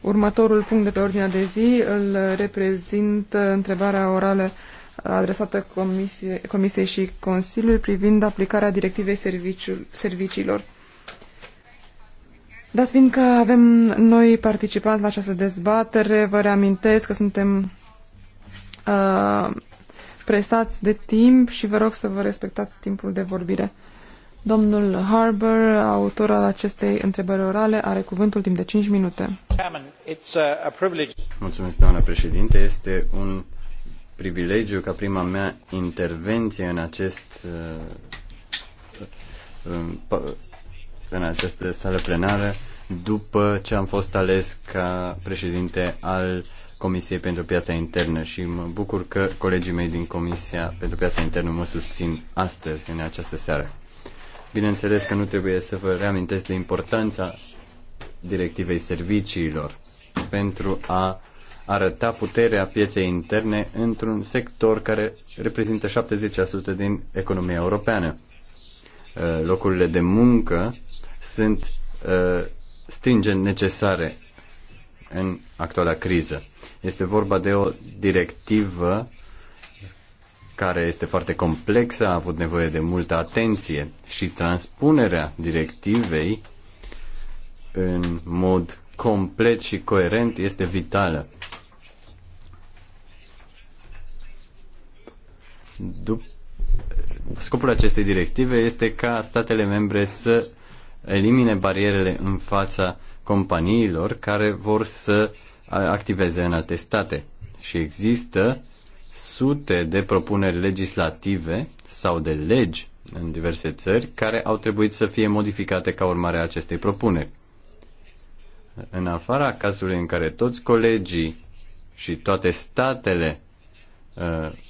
Următorul punct de pe ordinea de zi îl reprezintă uh, întrebarea orală adresată Comisie, Comisiei și Consiliului privind aplicarea directivei serviciilor. Dați fiind că avem noi participanți la această dezbatere, vă reamintesc că suntem uh, presați de timp și vă rog să vă respectați timpul de vorbire. Domnul Harbour, autor al acestei întrebări orale, are cuvântul timp de 5 minute doamnă președinte. Este un privilegiu ca prima mea intervenție în acest uh, în această sală plenară după ce am fost ales ca președinte al Comisiei pentru Piața Internă și mă bucur că colegii mei din Comisia pentru Piața Internă mă susțin astăzi, în această seară. Bineînțeles că nu trebuie să vă reamintesc de importanța directivei serviciilor pentru a arăta puterea pieței interne într-un sector care reprezintă 70% din economia europeană. Uh, locurile de muncă sunt uh, stringent necesare în actuala criză. Este vorba de o directivă care este foarte complexă, a avut nevoie de multă atenție și transpunerea directivei în mod complet și coerent este vitală. Dup- Scopul acestei directive este ca statele membre să elimine barierele în fața companiilor care vor să activeze în alte state. Și există sute de propuneri legislative sau de legi în diverse țări care au trebuit să fie modificate ca urmare a acestei propuneri în afara cazului în care toți colegii și toate statele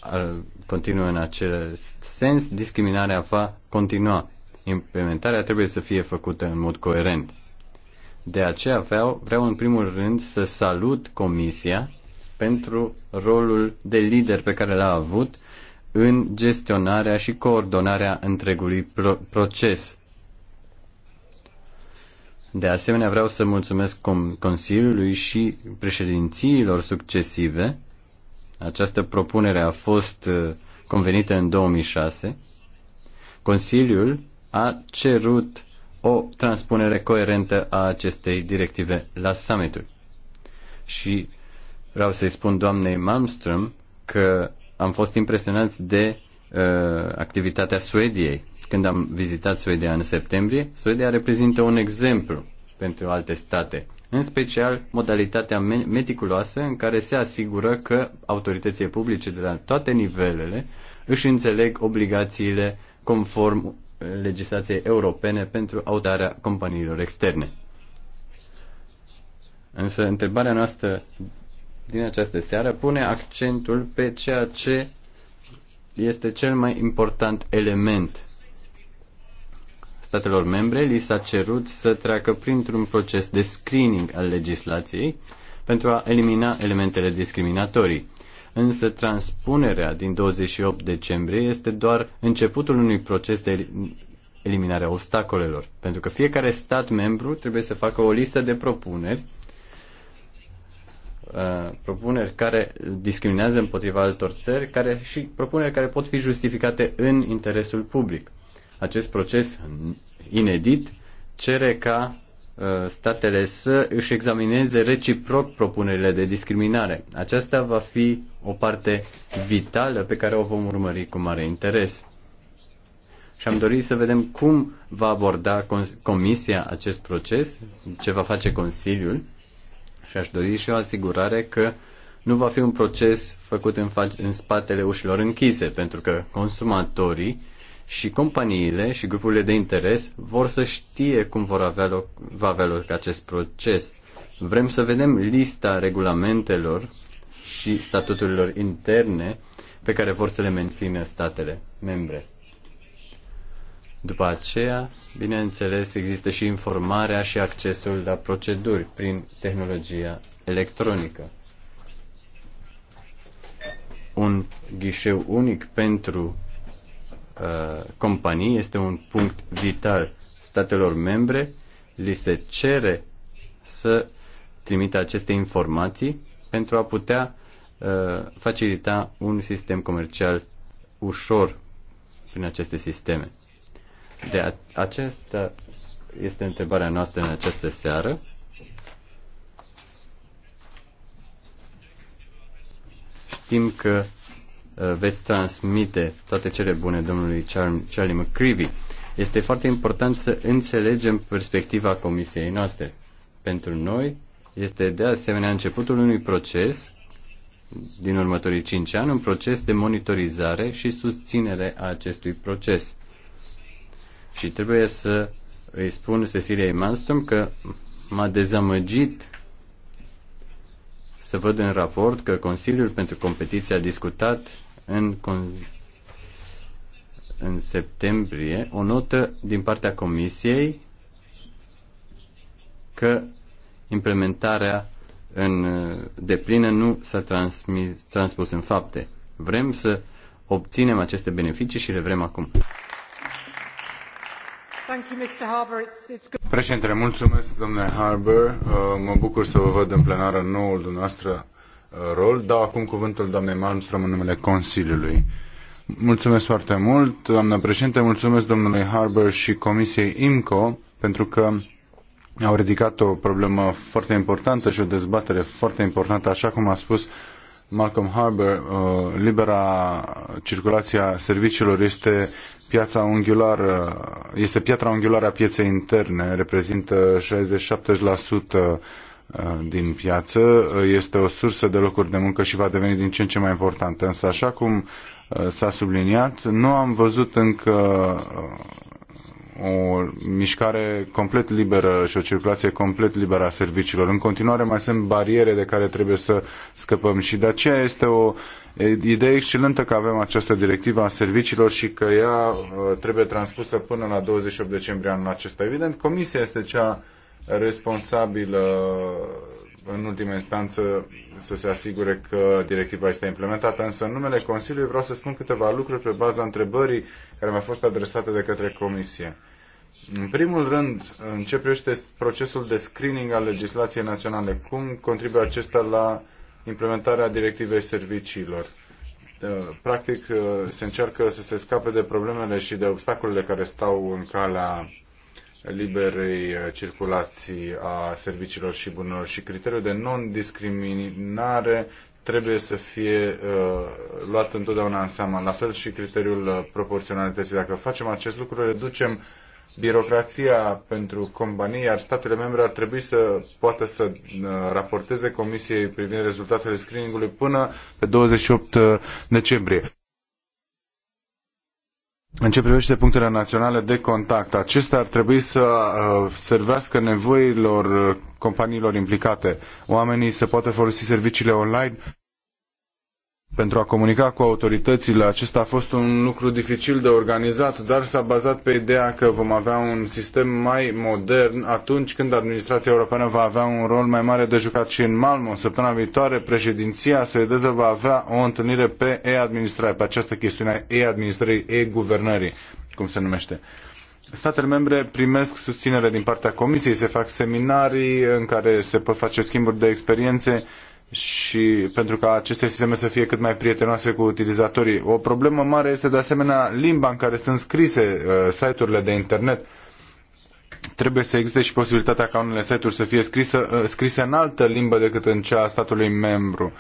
uh, continuă în acel sens, discriminarea va continua. Implementarea trebuie să fie făcută în mod coerent. De aceea vreau, vreau în primul rând să salut Comisia pentru rolul de lider pe care l-a avut în gestionarea și coordonarea întregului proces de asemenea, vreau să mulțumesc Consiliului și președințiilor succesive. Această propunere a fost uh, convenită în 2006. Consiliul a cerut o transpunere coerentă a acestei directive la summitul. Și vreau să-i spun doamnei Malmström că am fost impresionați de uh, activitatea Suediei când am vizitat Suedia în septembrie, Suedia reprezintă un exemplu pentru alte state, în special modalitatea meticuloasă în care se asigură că autoritățile publice de la toate nivelele își înțeleg obligațiile conform legislației europene pentru audarea companiilor externe. Însă întrebarea noastră din această seară pune accentul pe ceea ce este cel mai important element statelor membre li s-a cerut să treacă printr-un proces de screening al legislației pentru a elimina elementele discriminatorii. Însă transpunerea din 28 decembrie este doar începutul unui proces de eliminare a obstacolelor, pentru că fiecare stat membru trebuie să facă o listă de propuneri uh, propuneri care discriminează împotriva altor țări care, și propuneri care pot fi justificate în interesul public. Acest proces inedit cere ca uh, statele să își examineze reciproc propunerile de discriminare. Aceasta va fi o parte vitală pe care o vom urmări cu mare interes. Și am dorit să vedem cum va aborda Comisia acest proces, ce va face Consiliul și aș dori și o asigurare că nu va fi un proces făcut în, fa- în spatele ușilor închise, pentru că consumatorii și companiile și grupurile de interes vor să știe cum vor avea loc, va avea loc acest proces. Vrem să vedem lista regulamentelor și statuturilor interne pe care vor să le mențină statele membre. După aceea, bineînțeles, există și informarea și accesul la proceduri prin tehnologia electronică. Un ghișeu unic pentru Uh, companii este un punct vital. Statelor membre li se cere să trimită aceste informații pentru a putea uh, facilita un sistem comercial ușor prin aceste sisteme. De a- aceasta este întrebarea noastră în această seară. Știm că Uh, veți transmite toate cele bune domnului Charlie McCreevy. Este foarte important să înțelegem perspectiva comisiei noastre. Pentru noi este de asemenea începutul unui proces din următorii 5 ani, un proces de monitorizare și susținere a acestui proces. Și trebuie să îi spun Cecilia Manstrom că m-a dezamăgit să văd în raport că Consiliul pentru Competiție a discutat în, în septembrie o notă din partea Comisiei că implementarea în deplină nu s-a transmis, transpus în fapte. Vrem să obținem aceste beneficii și le vrem acum. Președinte, mulțumesc, domnule Harbour. Uh, mă bucur să vă văd în plenară noul dumneavoastră rol. Dau acum cuvântul doamnei Malmström în numele Consiliului. Mulțumesc foarte mult, doamnă președinte, mulțumesc domnului Harbour și Comisiei IMCO pentru că au ridicat o problemă foarte importantă și o dezbatere foarte importantă, așa cum a spus Malcolm Harbour, uh, libera circulația serviciilor este piața unghiulară, este piatra unghiulară a pieței interne, reprezintă 60-70% Uh, din piață, uh, este o sursă de locuri de muncă și va deveni din ce în ce mai importantă. Însă, așa cum uh, s-a subliniat, nu am văzut încă o mișcare complet liberă și o circulație complet liberă a serviciilor. În continuare mai sunt bariere de care trebuie să scăpăm și de aceea este o idee excelentă că avem această directivă a serviciilor și că ea trebuie transpusă până la 28 decembrie anul acesta. Evident, Comisia este cea Responsabil în ultima instanță să se asigure că directiva este implementată, însă în numele Consiliului vreau să spun câteva lucruri pe baza întrebării care mi-a fost adresată de către Comisie. În primul rând, în ce privește procesul de screening al legislației naționale, cum contribuie acesta la implementarea directivei serviciilor? Uh, practic, uh, se încearcă să se scape de problemele și de obstacolele care stau în calea liberei uh, circulații a serviciilor și bunurilor și criteriul de non-discriminare trebuie să fie uh, luat întotdeauna în seamă. La fel și criteriul uh, proporționalității. Dacă facem acest lucru, reducem birocrația pentru companii, iar statele membre ar trebui să poată să uh, raporteze Comisiei privind rezultatele screeningului până pe 28 decembrie în ce privește punctele naționale de contact, acestea ar trebui să uh, servească nevoilor uh, companiilor implicate. Oamenii se poate folosi serviciile online pentru a comunica cu autoritățile. Acesta a fost un lucru dificil de organizat, dar s-a bazat pe ideea că vom avea un sistem mai modern atunci când administrația europeană va avea un rol mai mare de jucat și în Malmo. Săptămâna viitoare, președinția suedeză va avea o întâlnire pe e-administrare, pe această chestiune a e-administrării, e-guvernării, cum se numește. Statele membre primesc susținere din partea Comisiei, se fac seminarii în care se pot face schimburi de experiențe și pentru ca aceste sisteme să fie cât mai prietenoase cu utilizatorii. O problemă mare este de asemenea limba în care sunt scrise uh, site-urile de internet. Trebuie să existe și posibilitatea ca unele site-uri să fie scrisă, uh, scrise în altă limbă decât în cea a statului membru.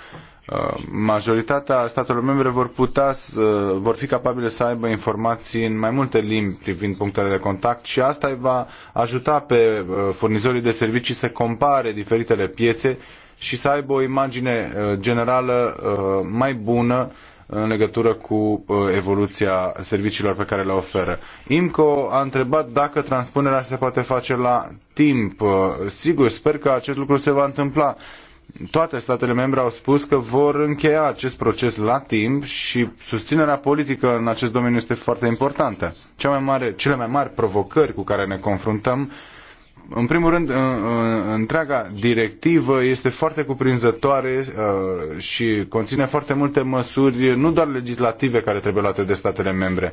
Uh, majoritatea statelor membre vor putea, uh, vor fi capabile să aibă informații în mai multe limbi privind punctele de contact și asta îi va ajuta pe uh, furnizorii de servicii să compare diferitele piețe și să aibă o imagine uh, generală uh, mai bună în legătură cu uh, evoluția serviciilor pe care le oferă. IMCO a întrebat dacă transpunerea se poate face la timp. Sigur, sper că acest lucru se va întâmpla. Toate statele membre au spus că vor încheia acest proces la timp și susținerea politică în acest domeniu este foarte importantă. Cea mai mare, cele mai mari provocări cu care ne confruntăm uh, în primul rând, întreaga directivă este foarte cuprinzătoare uh, și conține foarte multe măsuri, nu doar legislative care trebuie luate de statele membre.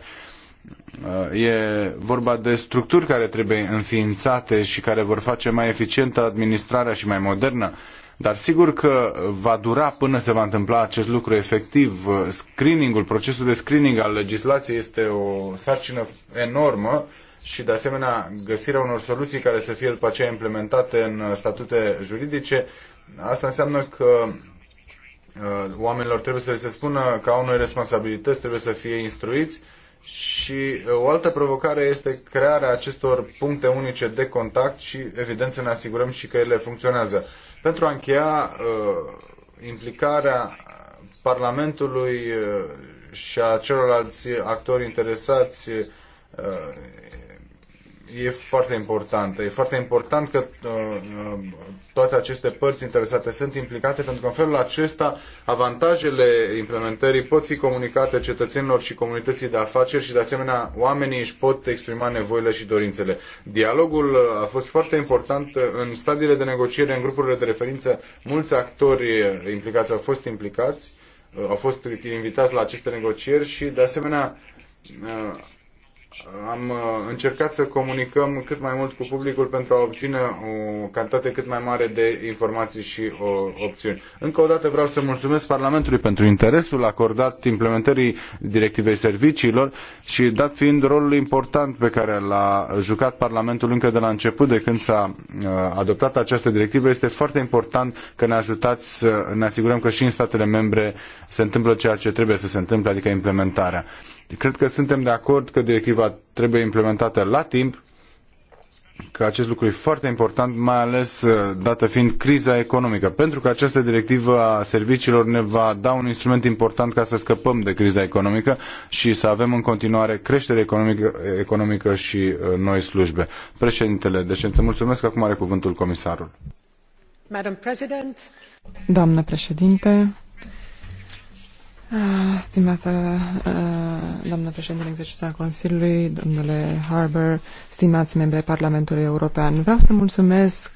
Uh, e vorba de structuri care trebuie înființate și care vor face mai eficientă administrarea și mai modernă. Dar sigur că va dura până se va întâmpla acest lucru efectiv. Screeningul, procesul de screening al legislației este o sarcină enormă și de asemenea găsirea unor soluții care să fie după aceea implementate în statute juridice, asta înseamnă că uh, oamenilor trebuie să se spună că au noi responsabilități, trebuie să fie instruiți și uh, o altă provocare este crearea acestor puncte unice de contact și evident să ne asigurăm și că ele funcționează. Pentru a încheia uh, implicarea Parlamentului și a celorlalți actori interesați Uh, e foarte importantă. E foarte important că uh, uh, toate aceste părți interesate sunt implicate pentru că în felul acesta avantajele implementării pot fi comunicate cetățenilor și comunității de afaceri și de asemenea oamenii își pot exprima nevoile și dorințele. Dialogul a fost foarte important în stadiile de negociere, în grupurile de referință, mulți actori implicați au fost implicați, au fost invitați la aceste negocieri și de asemenea am uh, încercat să comunicăm cât mai mult cu publicul pentru a obține o cantitate cât mai mare de informații și uh, opțiuni. Încă o dată vreau să mulțumesc Parlamentului pentru interesul acordat implementării directivei serviciilor și dat fiind rolul important pe care l-a jucat Parlamentul încă de la început de când s-a uh, adoptat această directivă, este foarte important că ne ajutați să ne asigurăm că și în statele membre se întâmplă ceea ce trebuie să se întâmple, adică implementarea. Cred că suntem de acord că directiva trebuie implementată la timp, că acest lucru e foarte important, mai ales uh, dată fiind criza economică, pentru că această directivă a serviciilor ne va da un instrument important ca să scăpăm de criza economică și să avem în continuare creștere economică, economică și uh, noi slujbe. Președintele Deșență, deci, mulțumesc. Acum are cuvântul comisarul. Madam President. Doamnă președinte, Ah, stimată ah, doamnă președinte exercițiu a Consiliului, domnule Harbour, stimați membri ai Parlamentului European, vreau să mulțumesc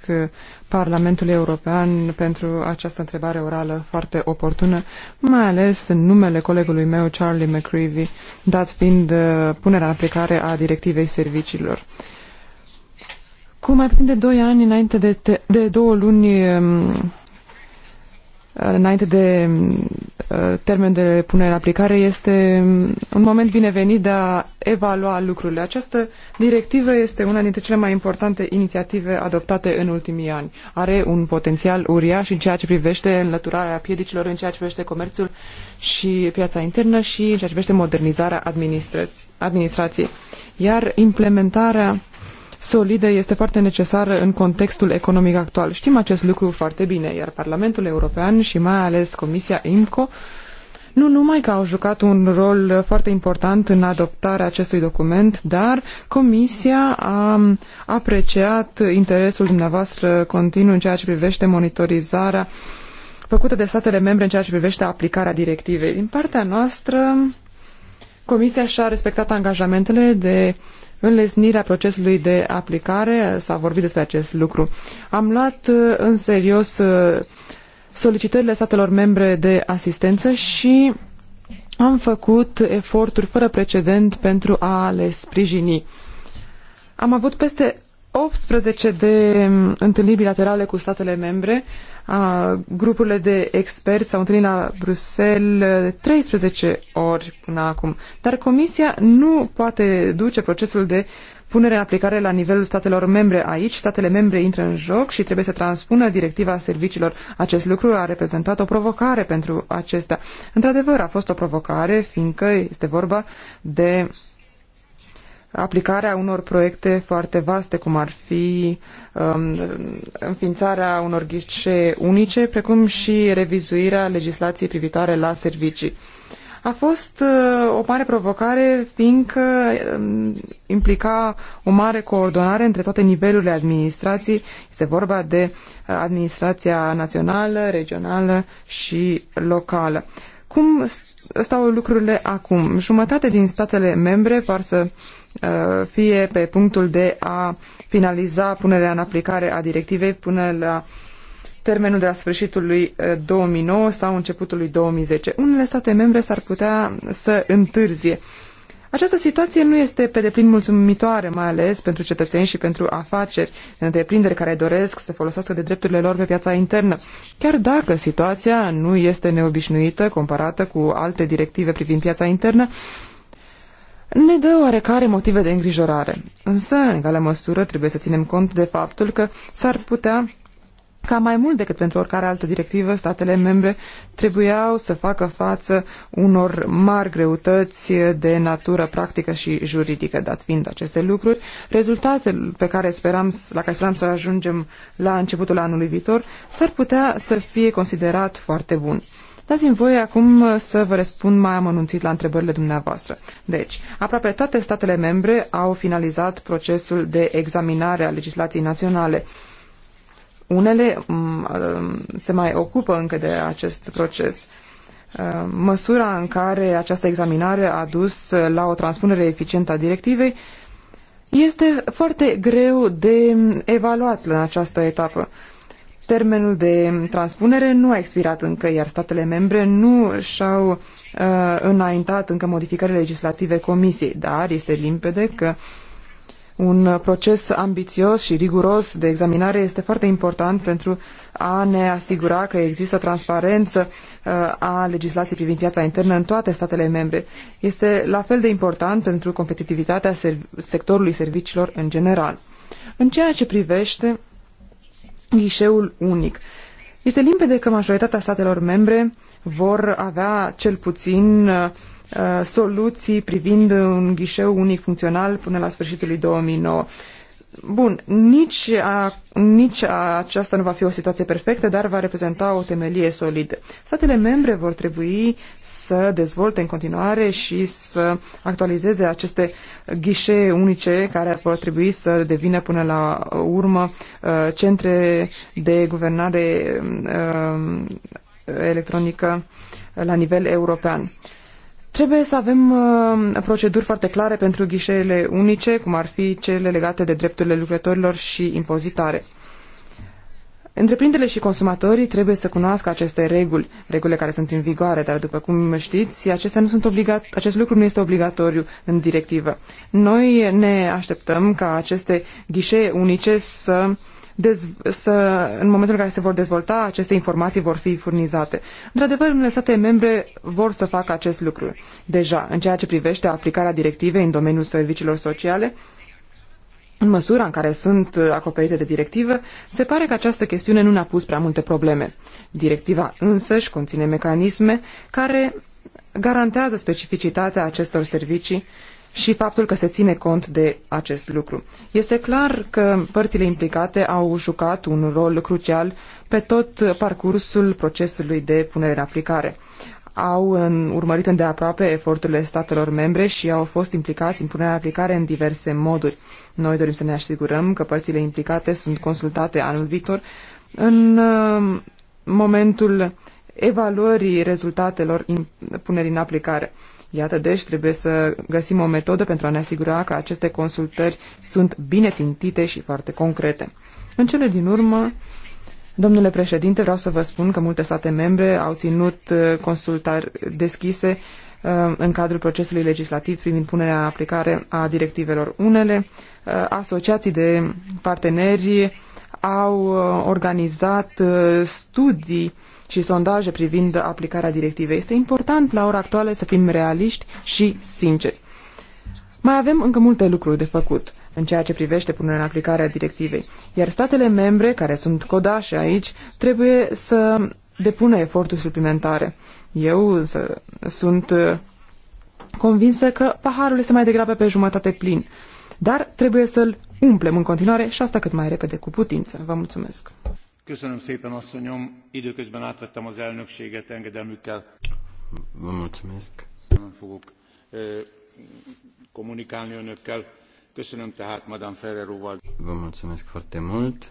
Parlamentului European pentru această întrebare orală foarte oportună, mai ales în numele colegului meu, Charlie McCreevy, dat fiind ah, punerea în aplicare a directivei serviciilor. Cu mai puțin de doi ani înainte de, de două luni mm, Uh, înainte de uh, termen de punere în aplicare este um, un moment binevenit de a evalua lucrurile. Această directivă este una dintre cele mai importante inițiative adoptate în ultimii ani. Are un potențial uriaș în ceea ce privește înlăturarea piedicilor, în ceea ce privește comerțul și piața internă și în ceea ce privește modernizarea administrației. Iar implementarea solidă este foarte necesară în contextul economic actual. Știm acest lucru foarte bine, iar Parlamentul European și mai ales Comisia IMCO nu numai că au jucat un rol foarte important în adoptarea acestui document, dar Comisia a apreciat interesul dumneavoastră continuu în ceea ce privește monitorizarea făcută de statele membre în ceea ce privește aplicarea directivei. Din partea noastră, Comisia și-a respectat angajamentele de înlesnirea procesului de aplicare, s-a vorbit despre acest lucru. Am luat uh, în serios uh, solicitările statelor membre de asistență și am făcut eforturi fără precedent pentru a le sprijini. Am avut peste 18 de întâlniri bilaterale cu statele membre, a, grupurile de experți s-au întâlnit la Bruxelles 13 ori până acum, dar Comisia nu poate duce procesul de punere în aplicare la nivelul statelor membre aici. Statele membre intră în joc și trebuie să transpună directiva serviciilor. Acest lucru a reprezentat o provocare pentru acestea. Într-adevăr, a fost o provocare, fiindcă este vorba de aplicarea unor proiecte foarte vaste, cum ar fi um, înființarea unor ghișe unice, precum și revizuirea legislației privitoare la servicii. A fost uh, o mare provocare, fiindcă um, implica o mare coordonare între toate nivelurile administrației. Este vorba de uh, administrația națională, regională și locală. Cum stau lucrurile acum? Jumătate din statele membre par să uh, Uh, fie pe punctul de a finaliza punerea în aplicare a directivei până la termenul de la sfârșitul lui 2009 uh, sau începutul lui 2010. Unele state membre s-ar putea să întârzie. Această situație nu este pe deplin mulțumitoare, mai ales pentru cetățeni și pentru afaceri, întreprinderi care doresc să folosească de drepturile lor pe piața internă. Chiar dacă situația nu este neobișnuită comparată cu alte directive privind piața internă, ne dă oarecare motive de îngrijorare. Însă, în egală măsură, trebuie să ținem cont de faptul că s-ar putea ca mai mult decât pentru oricare altă directivă, statele membre trebuiau să facă față unor mari greutăți de natură practică și juridică. Dat fiind aceste lucruri, rezultatele pe care speram, la care speram să ajungem la începutul anului viitor s-ar putea să fie considerat foarte bun. Dați-mi voi acum uh, să vă răspund mai amănunțit la întrebările dumneavoastră. Deci, aproape toate statele membre au finalizat procesul de examinare a legislației naționale. Unele mm, uh, se mai ocupă încă de acest proces. Uh, măsura în care această examinare a dus la o transpunere eficientă a directivei este foarte greu de evaluat în această etapă. Termenul de transpunere nu a expirat încă, iar statele membre nu și-au uh, înaintat încă modificările legislative comisiei, dar este limpede că un proces ambițios și riguros de examinare este foarte important pentru a ne asigura că există transparență uh, a legislației privind piața internă în toate statele membre. Este la fel de important pentru competitivitatea sectorului serviciilor în general. În ceea ce privește ghișeul unic. Este limpede că majoritatea statelor membre vor avea cel puțin uh, soluții privind un ghișeu unic funcțional până la sfârșitul lui 2009. Bun, nici, a, nici aceasta nu va fi o situație perfectă, dar va reprezenta o temelie solidă. Statele membre vor trebui să dezvolte în continuare și să actualizeze aceste ghișee unice care vor trebui să devină până la urmă uh, centre de guvernare um, uh, electronică la nivel european. Trebuie să avem uh, proceduri foarte clare pentru ghișeele unice, cum ar fi cele legate de drepturile lucrătorilor și impozitare. Întreprinderile și consumatorii trebuie să cunoască aceste reguli, regulile care sunt în vigoare, dar după cum știți, acestea nu sunt obligat, acest lucru nu este obligatoriu în directivă. Noi ne așteptăm ca aceste ghișee unice să uh, să, în momentul în care se vor dezvolta, aceste informații vor fi furnizate. Într-adevăr, unele state membre vor să facă acest lucru. Deja, în ceea ce privește aplicarea directivei în domeniul serviciilor sociale, în măsura în care sunt acoperite de directivă, se pare că această chestiune nu ne-a pus prea multe probleme. Directiva însăși conține mecanisme care garantează specificitatea acestor servicii și faptul că se ține cont de acest lucru. Este clar că părțile implicate au jucat un rol crucial pe tot parcursul procesului de punere în aplicare. Au în, urmărit îndeaproape eforturile statelor membre și au fost implicați în punerea în aplicare în diverse moduri. Noi dorim să ne asigurăm că părțile implicate sunt consultate anul viitor în uh, momentul evaluării rezultatelor punerii în aplicare. Iată, deci trebuie să găsim o metodă pentru a ne asigura că aceste consultări sunt bine țintite și foarte concrete. În cele din urmă, Domnule președinte, vreau să vă spun că multe state membre au ținut uh, consultări deschise uh, în cadrul procesului legislativ privind punerea în aplicare a directivelor. Unele uh, asociații de parteneri au organizat studii și sondaje privind aplicarea directivei. Este important la ora actuală să fim realiști și sinceri. Mai avem încă multe lucruri de făcut în ceea ce privește punerea în aplicare a directivei, iar statele membre, care sunt codașe aici, trebuie să depună eforturi suplimentare. Eu însă sunt uh, convinsă că paharul este mai degrabă pe jumătate plin, dar trebuie să-l umplem în continuare și asta cât mai repede cu putință. Vă mulțumesc! Köszönöm szépen, asszonyom. Időközben átvettem az elnökséget engedelmükkel. Vă mulțumesc. Nem fogok comunicálni önökkel. Köszönöm tehát Madame Ferreroval. Vă mulțumesc foarte mult.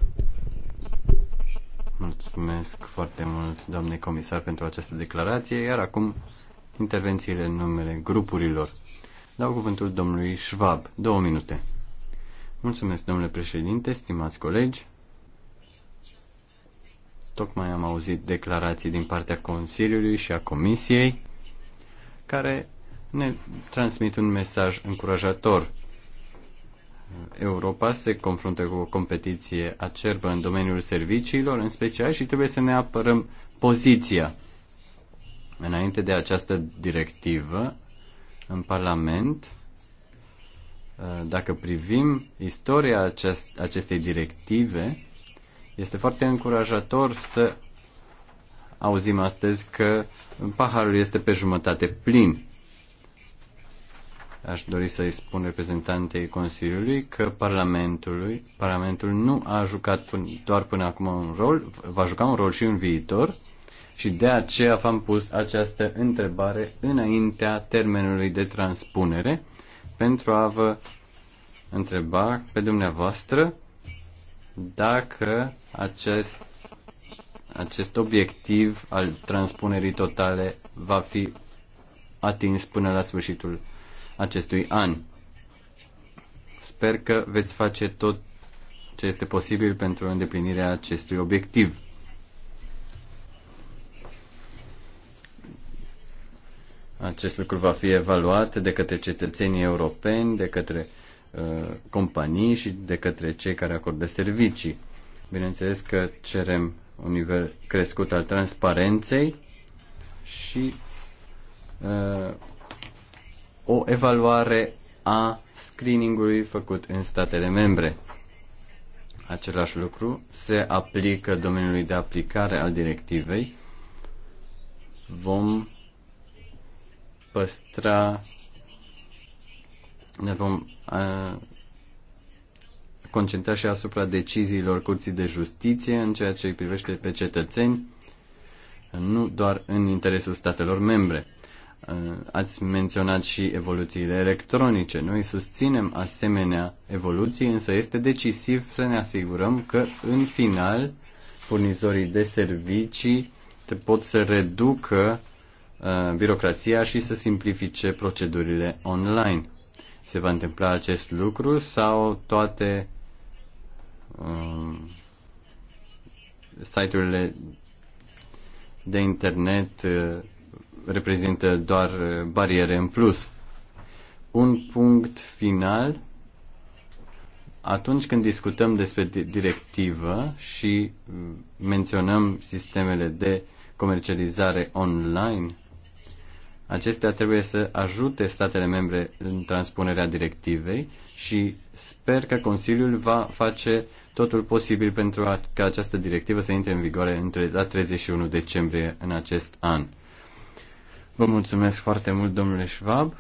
Mulțumesc foarte mult, doamne comisar, pentru această declarație, iar acum intervențiile în numele grupurilor. Dau cuvântul domnului Schwab. Două minute. Mulțumesc, domnule președinte, stimați colegi. Tocmai am auzit declarații din partea Consiliului și a Comisiei care ne transmit un mesaj încurajator. Europa se confruntă cu o competiție acerbă în domeniul serviciilor, în special, și trebuie să ne apărăm poziția. Înainte de această directivă, în Parlament, ă, dacă privim istoria acest, acestei directive, este foarte încurajator să auzim astăzi că paharul este pe jumătate plin. Aș dori să-i spun reprezentantei Consiliului că Parlamentului, Parlamentul nu a jucat până, doar până acum un rol, va juca un rol și în viitor și de aceea v-am pus această întrebare înaintea termenului de transpunere pentru a vă întreba pe dumneavoastră dacă acest, acest obiectiv al transpunerii totale va fi atins până la sfârșitul acestui an. Sper că veți face tot ce este posibil pentru îndeplinirea acestui obiectiv. Acest lucru va fi evaluat de către cetățenii europeni, de către Uh, companii și de către cei care acordă servicii. Bineînțeles că cerem un nivel crescut al transparenței și uh, o evaluare a screeningului făcut în statele membre. Același lucru se aplică domeniului de aplicare al directivei. Vom păstra ne vom concentra și asupra deciziilor Curții de Justiție în ceea ce îi privește pe cetățeni, nu doar în interesul statelor membre. Ați menționat și evoluțiile electronice. Noi susținem asemenea evoluții, însă este decisiv să ne asigurăm că, în final, furnizorii de servicii pot să reducă birocrația și să simplifice procedurile online se va întâmpla acest lucru sau toate um, site-urile de internet uh, reprezintă doar uh, bariere în plus. Un punct final atunci când discutăm despre directivă și uh, menționăm sistemele de comercializare online, Acestea trebuie să ajute statele membre în transpunerea directivei și sper că Consiliul va face totul posibil pentru a, ca această directivă să intre în vigoare între la 31 decembrie în acest an. Vă mulțumesc foarte mult, domnule Schwab.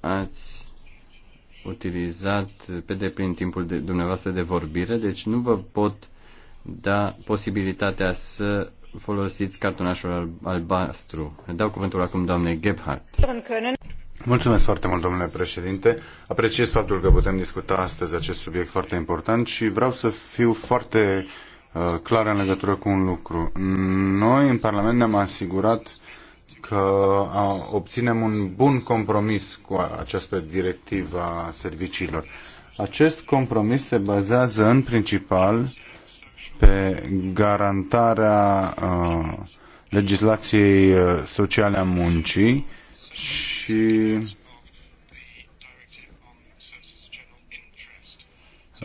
Ați utilizat pe deplin timpul de, dumneavoastră de vorbire, deci nu vă pot da posibilitatea să folosiți cartonașul albastru. Dau cuvântul acum doamnei Gebhardt. Mulțumesc foarte mult, domnule președinte. Apreciez faptul că putem discuta astăzi acest subiect foarte important și vreau să fiu foarte uh, clar în legătură cu un lucru. Noi, în Parlament, ne-am asigurat că obținem un bun compromis cu această directivă a serviciilor. Acest compromis se bazează în principal pe garantarea uh, legislației sociale a muncii și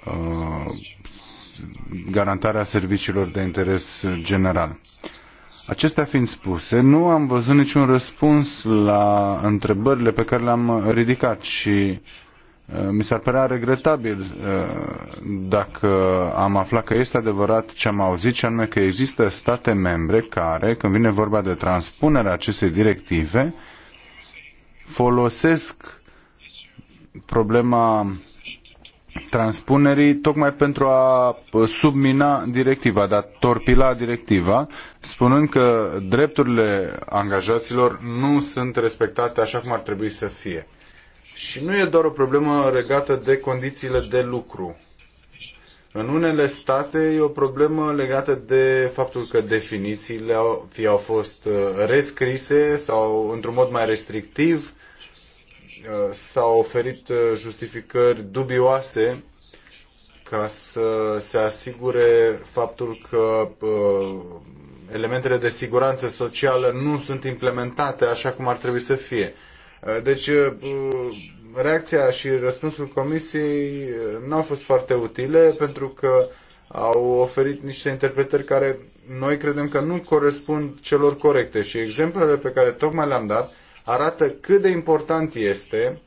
uh, garantarea serviciilor de interes general. Uh, Acestea fiind spuse, nu am văzut niciun răspuns la întrebările pe care le-am ridicat și uh, mi s-ar părea regretabil uh, dacă am aflat că este adevărat ce am auzit, și anume că există state membre care, când vine vorba de transpunerea acestei directive, folosesc problema transpunerii, tocmai pentru a uh, submina directiva, de a torpila directiva, spunând că drepturile angajaților nu sunt respectate așa cum ar trebui să fie. Și nu e doar o problemă legată de condițiile de lucru. În unele state e o problemă legată de faptul că definițiile fie au fost uh, rescrise sau într-un mod mai restrictiv, Uh, s-au oferit uh, justificări dubioase ca să se asigure faptul că uh, elementele de siguranță socială nu sunt implementate așa cum ar trebui să fie. Deci, reacția și răspunsul comisiei nu au fost foarte utile pentru că au oferit niște interpretări care noi credem că nu corespund celor corecte și exemplele pe care tocmai le-am dat arată cât de important este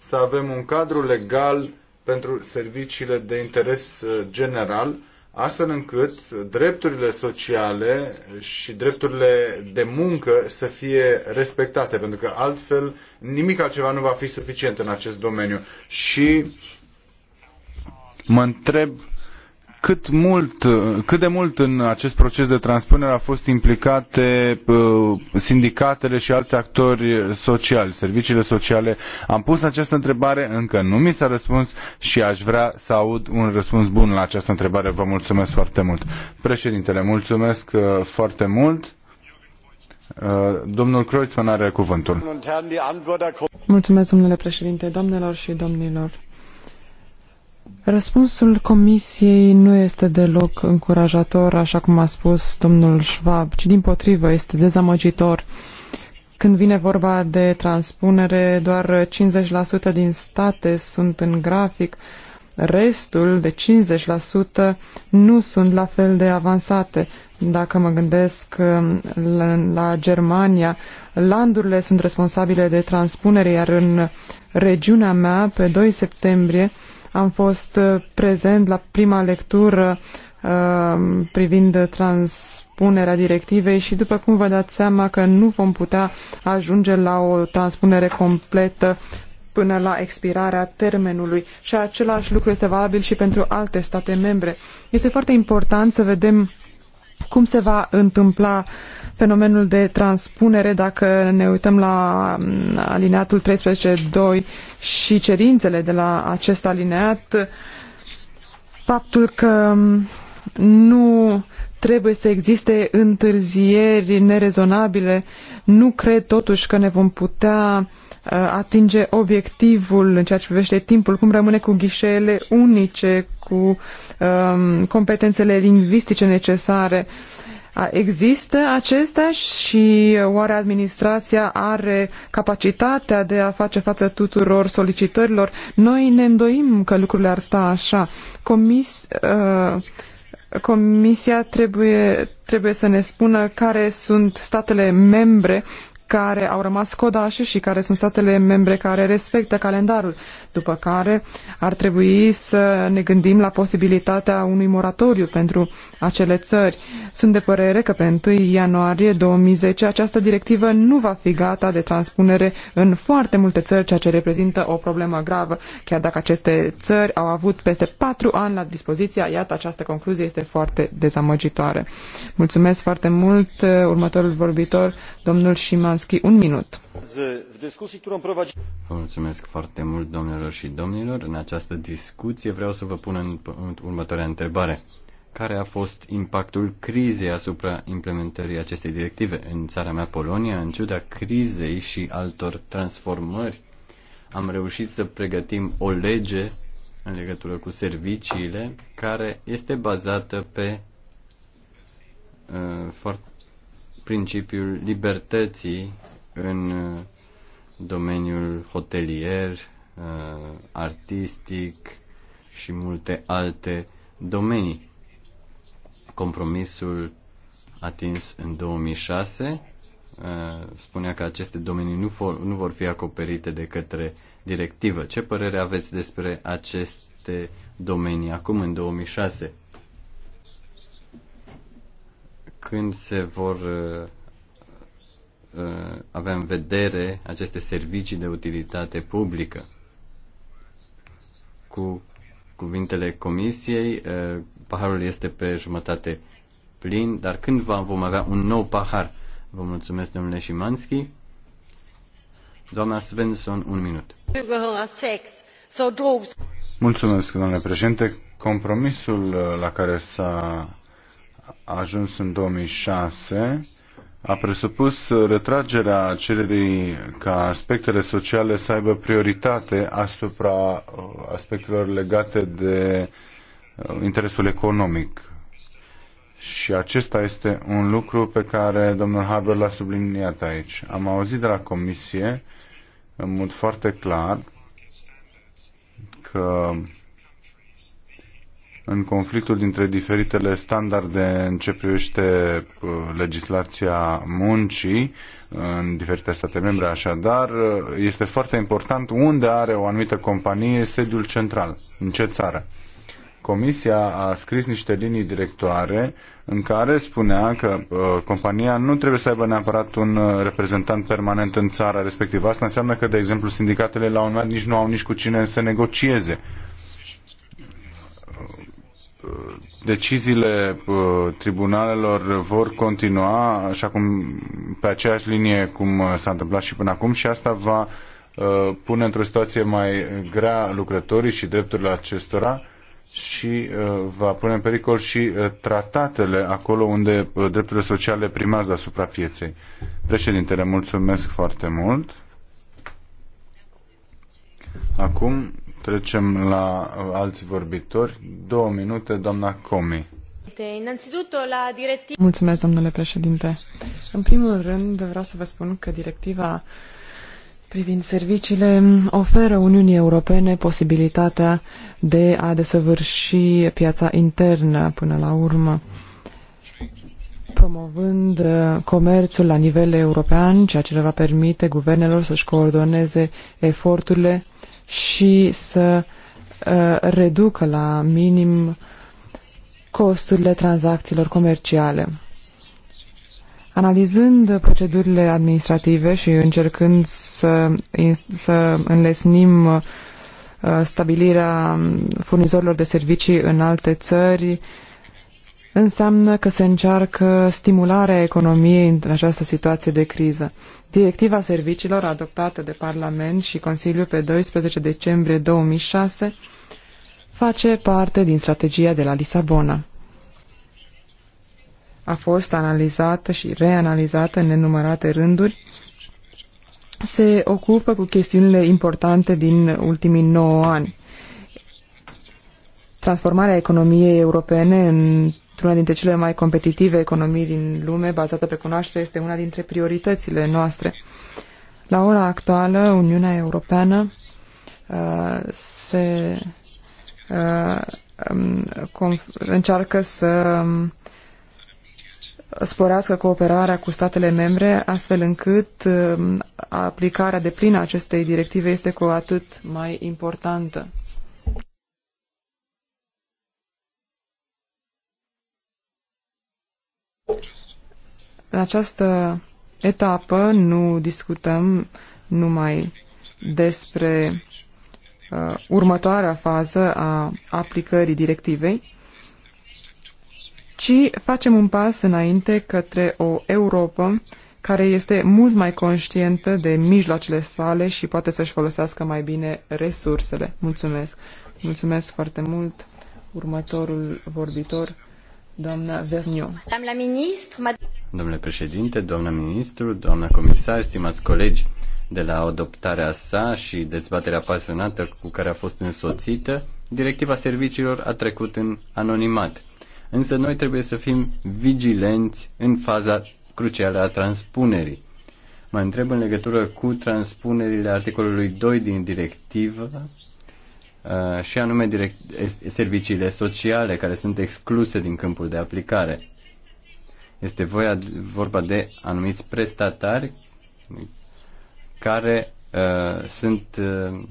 să avem un cadru legal pentru serviciile de interes uh, general, astfel încât drepturile sociale și drepturile de muncă să fie respectate, pentru că altfel nimic altceva nu va fi suficient în acest domeniu. Și mă întreb cât, mult, cât de mult în acest proces de transpunere au fost implicate uh, sindicatele și alți actori sociali, serviciile sociale. Am pus această întrebare, încă nu mi s-a răspuns și aș vrea să aud un răspuns bun la această întrebare. Vă mulțumesc foarte mult. Președintele, mulțumesc uh, foarte mult. Uh, domnul Croițman are cuvântul. Mulțumesc, domnule președinte, domnilor și domnilor. Răspunsul comisiei nu este deloc încurajator, așa cum a spus domnul Schwab, ci din potrivă este dezamăgitor. Când vine vorba de transpunere, doar 50% din state sunt în grafic, restul de 50% nu sunt la fel de avansate. Dacă mă gândesc um, la, Germania, landurile sunt responsabile de transpunere, iar în regiunea mea, pe 2 septembrie, am fost uh, prezent la prima lectură uh, privind transpunerea directivei și după cum vă dați seama că nu vom putea ajunge la o transpunere completă până la expirarea termenului și același lucru este valabil și pentru alte state membre. Este foarte important să vedem cum se va întâmpla fenomenul de transpunere dacă ne uităm la mm, alineatul 13.2 și cerințele de la acest alineat, faptul că mm, nu trebuie să existe întârzieri nerezonabile, nu cred totuși că ne vom putea uh, atinge obiectivul în ceea ce privește timpul, cum rămâne cu ghișele unice, cu um, competențele lingvistice necesare. Există acestea și oare administrația are capacitatea de a face față tuturor solicitărilor? Noi ne îndoim că lucrurile ar sta așa. Comis, uh, comisia trebuie, trebuie să ne spună care sunt statele membre care au rămas codașe și care sunt statele membre care respectă calendarul, după care ar trebui să ne gândim la posibilitatea unui moratoriu pentru acele țări. Sunt de părere că pe 1 ianuarie 2010 această directivă nu va fi gata de transpunere în foarte multe țări, ceea ce reprezintă o problemă gravă, chiar dacă aceste țări au avut peste patru ani la dispoziția. Iată, această concluzie este foarte dezamăgitoare. Mulțumesc foarte mult. Uh, următorul vorbitor, domnul Șimanski, un minut. Vă mulțumesc foarte mult, domnilor și domnilor. În această discuție vreau să vă pun în următoarea întrebare care a fost impactul crizei asupra implementării acestei directive. În țara mea, Polonia, în ciuda crizei și altor transformări, am reușit să pregătim o lege în legătură cu serviciile care este bazată pe uh, principiul libertății în uh, domeniul hotelier, uh, artistic și multe alte domenii. Compromisul atins în 2006 uh, spunea că aceste domenii nu, vor, nu vor fi acoperite de către directivă. Ce părere aveți despre aceste domenii acum în 2006? Când se vor uh, uh, avea în vedere aceste servicii de utilitate publică? Cu cuvintele comisiei, paharul este pe jumătate plin, dar când vom avea un nou pahar? Vă mulțumesc, domnule Șimanski. Doamna Svensson, un minut. Mulțumesc, domnule președinte. Compromisul uh, la care s-a ajuns în 2006 a presupus retragerea cererii ca aspectele sociale să aibă prioritate asupra uh, aspectelor legate de Uh, interesul economic. Și acesta este un lucru pe care domnul Haber l-a subliniat aici. Am auzit de la Comisie în mod foarte clar că în conflictul dintre diferitele standarde în ce privește uh, legislația muncii în diferite state membre, așadar, uh, este foarte important unde are o anumită companie sediul central, în ce țară. Comisia a scris niște linii directoare în care spunea că uh, compania nu trebuie să aibă neapărat un uh, reprezentant permanent în țara respectivă. Asta înseamnă că, de exemplu, sindicatele la un moment nici nu au nici cu cine să negocieze. Uh, deciziile uh, tribunalelor vor continua așa cum pe aceeași linie cum uh, s-a întâmplat și până acum și asta va pune într-o situație mai grea lucrătorii și drepturile acestora și uh, va pune în pericol și uh, tratatele acolo unde uh, drepturile sociale primează asupra pieței. Președintele, mulțumesc foarte mult. Acum trecem la alți vorbitori. Două minute, doamna Comi. Mulțumesc, domnule președinte. În primul rând, vreau să vă spun că directiva privind serviciile oferă Uniunii Europene posibilitatea de a desăvârși piața internă până la urmă promovând uh, comerțul la nivel european, ceea ce le va permite guvernelor să-și coordoneze eforturile și să uh, reducă la minim costurile tranzacțiilor comerciale. Analizând procedurile administrative și încercând să, să înlesnim uh, stabilirea furnizorilor de servicii în alte țări, înseamnă că se încearcă stimularea economiei în această situație de criză. Directiva serviciilor adoptată de Parlament și Consiliu pe 12 decembrie 2006 face parte din strategia de la Lisabona a fost analizată și reanalizată în nenumărate rânduri, se ocupă cu chestiunile importante din ultimii 9 ani. Transformarea economiei europene într-una dintre cele mai competitive economii din lume, bazată pe cunoaștere, este una dintre prioritățile noastre. La ora actuală, Uniunea Europeană uh, se uh, um, încearcă să um, sporească cooperarea cu statele membre, astfel încât um, aplicarea de plină acestei directive este cu atât mai importantă. În această etapă nu discutăm numai despre uh, următoarea fază a aplicării directivei, ci facem un pas înainte către o Europa care este mult mai conștientă de mijloacele sale și poate să-și folosească mai bine resursele. Mulțumesc! Mulțumesc foarte mult! Următorul vorbitor, doamna Verniu. Domnule președinte, doamna ministru, doamna comisar, stimați colegi, de la adoptarea sa și dezbaterea pasionată cu care a fost însoțită, directiva serviciilor a trecut în anonimat. Însă noi trebuie să fim vigilenți în faza crucială a transpunerii. Mă întreb în legătură cu transpunerile articolului 2 din directivă uh, și anume direct, serviciile sociale care sunt excluse din câmpul de aplicare. Este voia, vorba de anumiți prestatari care uh, sunt uh,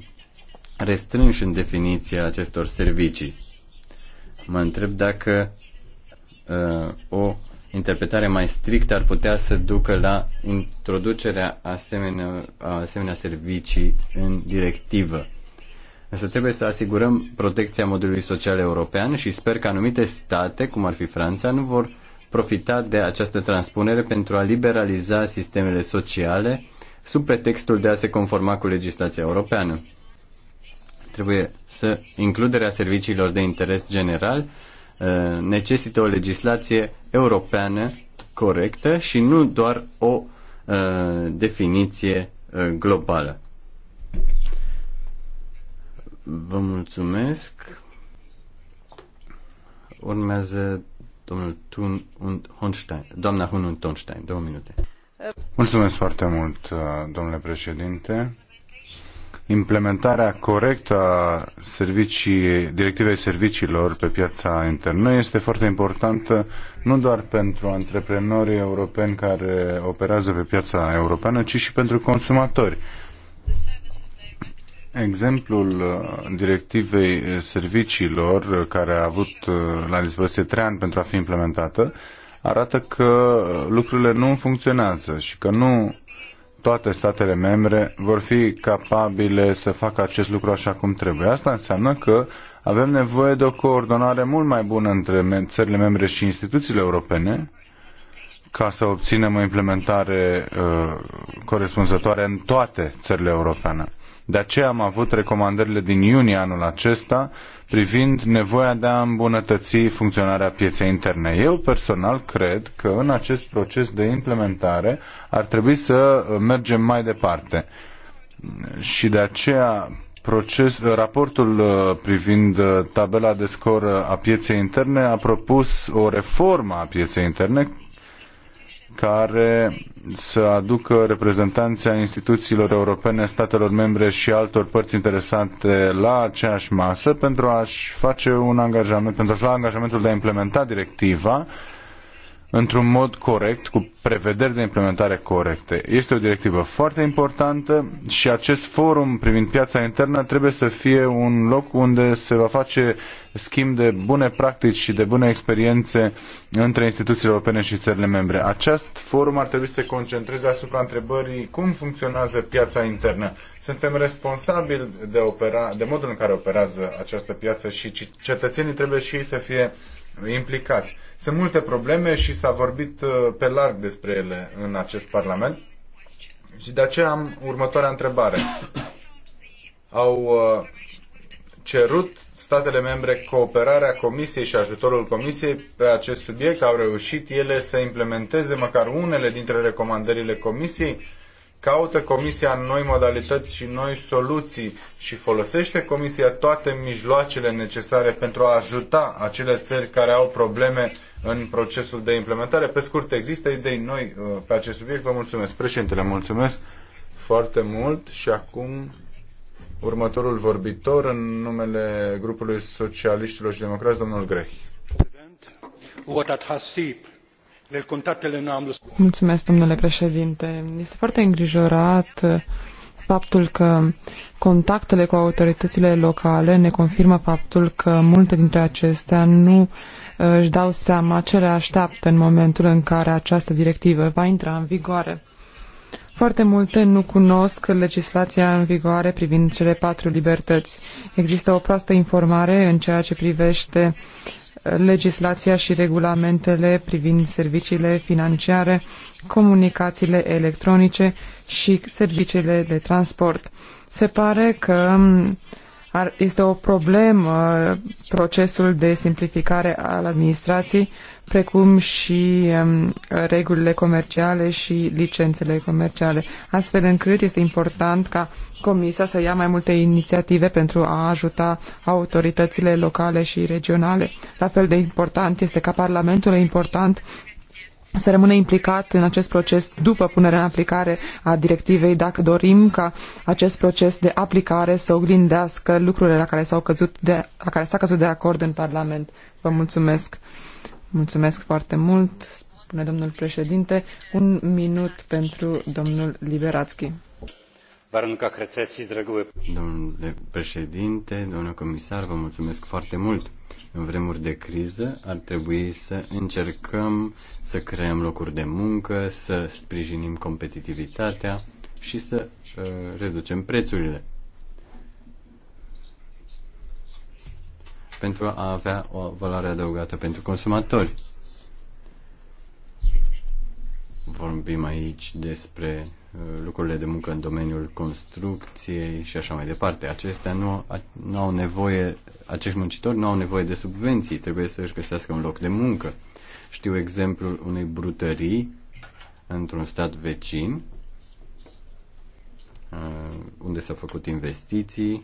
restrânși în definiția acestor servicii. Mă întreb dacă Uh, o interpretare mai strictă ar putea să ducă la introducerea asemenea, a asemenea servicii în directivă. Însă trebuie să asigurăm protecția modului social european și sper că anumite state, cum ar fi Franța, nu vor profita de această transpunere pentru a liberaliza sistemele sociale sub pretextul de a se conforma cu legislația europeană. Trebuie să includerea serviciilor de interes general Eh, necesită o legislație europeană corectă și nu doar o eh, definiție eh, globală. Vă mulțumesc. Urmează domnul Thun und Honstein, doamna Hun und Honstein, două minute. Mulțumesc foarte mult, domnule președinte implementarea corectă a servicii, directivei serviciilor pe piața internă este foarte importantă nu doar pentru antreprenorii europeni care operează pe piața europeană, ci și pentru consumatori. Exemplul uh, directivei serviciilor, uh, care a avut uh, la dispoziție trei ani pentru a fi implementată, arată că lucrurile nu funcționează și că nu toate statele membre vor fi capabile să facă acest lucru așa cum trebuie. Asta înseamnă că avem nevoie de o coordonare mult mai bună între țările membre și instituțiile europene ca să obținem o implementare uh, corespunzătoare în toate țările europene. De aceea am avut recomandările din iunie anul acesta uh, privind nevoia de a îmbunătăți funcționarea pieței interne. Eu personal cred că în acest proces de implementare ar trebui să mergem mai departe. Și de aceea proces, raportul uh, privind uh, tabela de scor a pieței interne a propus o reformă a pieței interne care să aducă reprezentanții instituțiilor europene, statelor membre și altor părți interesante la aceeași masă pentru a-și face un angajament, pentru a-și lua angajamentul de a implementa directiva într-un mod corect, cu prevederi de implementare corecte. Este o directivă foarte importantă și acest forum privind piața internă trebuie să fie un loc unde se va face schimb de bune practici și de bune experiențe între instituțiile europene și țările membre. Acest forum ar trebui să se concentreze asupra întrebării cum funcționează piața internă. Suntem responsabili de, opera, de modul în care operează această piață și cetățenii trebuie și ei să fie implicați. Sunt multe probleme și s-a vorbit uh, pe larg despre ele în acest Parlament și de aceea am următoarea întrebare. Au uh, cerut statele membre cooperarea Comisiei și ajutorul Comisiei pe acest subiect? Au reușit ele să implementeze măcar unele dintre recomandările Comisiei? Caută Comisia noi modalități și noi soluții și folosește Comisia toate mijloacele necesare pentru a ajuta acele țări care au probleme în procesul de implementare. Pe scurt, există idei noi uh, pe acest subiect. Vă mulțumesc. Președintele, mulțumesc foarte mult și acum următorul vorbitor în numele grupului socialiștilor și democrați, domnul Grech. Mulțumesc, domnule președinte. Este foarte îngrijorat uh, faptul că contactele cu autoritățile locale ne confirmă faptul că multe dintre acestea nu uh, își dau seama ce le așteaptă în momentul în care această directivă va intra în vigoare. Foarte multe nu cunosc legislația în vigoare privind cele patru libertăți. Există o proastă informare în ceea ce privește legislația și regulamentele privind serviciile financiare, comunicațiile electronice și serviciile de transport. Se pare că este o problemă procesul de simplificare al administrației, precum și um, regulile comerciale și licențele comerciale, astfel încât este important ca Comisia să ia mai multe inițiative pentru a ajuta autoritățile locale și regionale. La fel de important este ca Parlamentul e important să rămână implicat în acest proces după punerea în aplicare a directivei, dacă dorim ca acest proces de aplicare să oglindească lucrurile la care, s-au căzut de, la care s-a căzut de acord în Parlament. Vă mulțumesc. Mulțumesc foarte mult, spune domnul președinte. Un minut pentru domnul Liberațchi z reguły. Domnule președinte, domnule comisar, vă mulțumesc foarte mult. În vremuri de criză ar trebui să încercăm să creăm locuri de muncă, să sprijinim competitivitatea și să uh, reducem prețurile. pentru a avea o valoare adăugată pentru consumatori. Vorbim aici despre Uh, lucrurile de muncă în domeniul construcției și așa mai departe. Acestea nu, nu au nevoie, acești muncitori nu au nevoie de subvenții, trebuie să își găsească un loc de muncă. Știu exemplul unei brutării într-un stat vecin uh, unde s-au făcut investiții,